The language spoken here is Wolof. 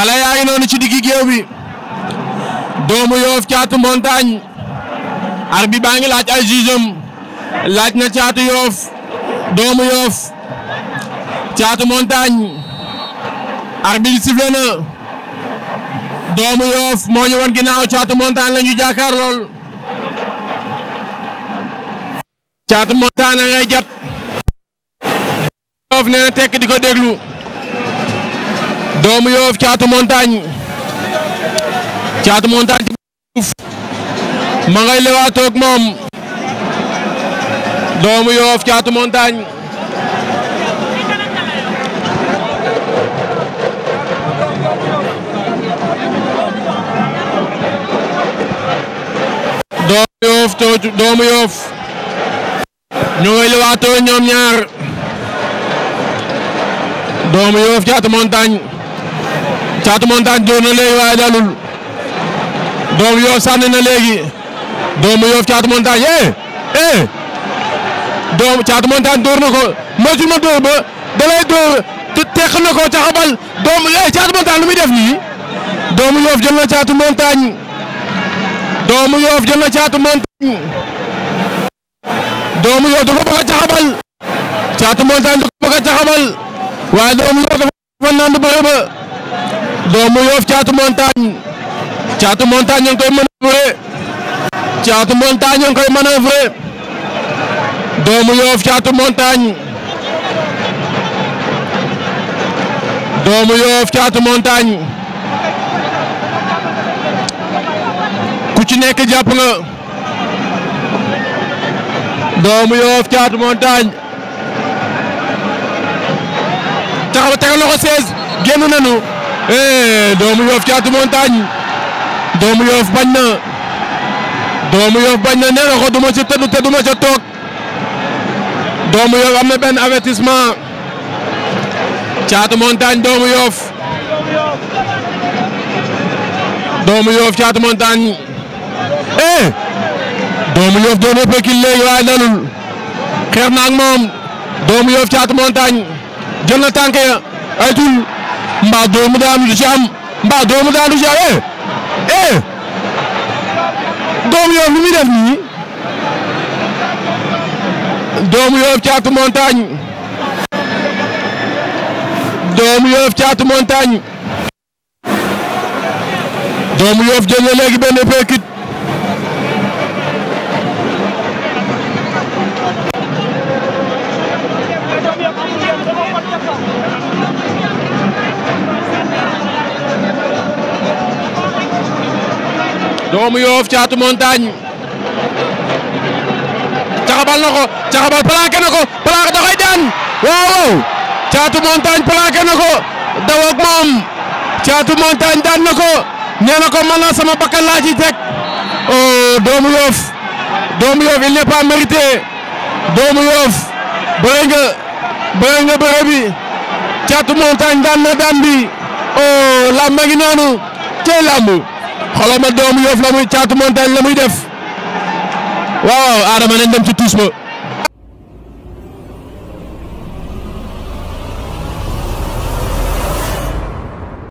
xale yaa noonu ci diggi géew bi doomu yoof caatu montagne arbitre baa ngi laaj ay jugeem laaj na caatu yoof doomu yoof caatu montagne arbitre sifflé na doomu yoof moo ñu woon ginnaaw caatu montagne la ñu jàkkaar lool caatu montagne a ngay jat yoof nee na di ko déglu doomu Yoff Thiatou Montagne Thiatou Montagne ci moom doomu Yoff Thiatou Montagne doomu Yoff doomu Yoff ñu ngay ñoom ñaar doomu Yoff Thiatou Montagne Caatu Montagne dóor na léegi waaye dalul Doomu Yoof sànni na léegi Doomu Yoof Caatu Montagne eh eh Doomu Caatu Montagne dóor na ko moytu ma dóor ba da lay dóor te teq na ko caxabal Doomu eh Caatu Montagne lu muy def nii Doomu Yoof jël na Caatu Montagne Doomu Yoof jël na Caatu Montagne Doomu Yoof da ko bëgg a caxabal Caatu Montagne da ko bëgg a caxabal waaye Doomu Yoof dafa naan bëre ba romb Yoff Thiatou Montagne Thiatou Montagne ñu ngi koy manœuvrer Thiatou Montagne ñu ngi koy manœuvrer doomu Yoff Thiatou Montagne doomu ku ci nekk jàpp nga doomu Yoff Thiatou Montagne taxaw tegal loxo 16 génn nañu eh doomu Yoff Caatu Montagne doomu Yoff bañ na doomu Yoff bañ na nee ko du ma ci tëdd te du ma ca doomu Yoff am benn avertissement Caatu Montagne doomu Yoff doomu Yoff Caatu Montagne eh doomu Yoff doomu Yoff Caatu Montagne jël ay tul mbaa doomu daanu du ci am mbaa doomu daanu du ci am eh eh doomu yoof lu muy def nii doomu yoof caatu montagne doomu yoof caatu montagne doomu yoof jël na léegi benn doomu Yoff Thiatou Montagne caxabal na ko caxabal plaqué na ko plaqué da koy daan waaw waaw Thiatou Montagne plaqué na ko daw ak moom Thiatou Montagne daan na ko nee na ko sama bakkan laa ci oh, doomu Yoff doomu Yoff il n'est pas mérité doomu Yoff bëre nga bëre nga daan na daan bi oh làmb gi cey làmb xolal ma doomu Yoff la muy Caatu Montagne la muy def waaw Adama nañ dem ci tuus ba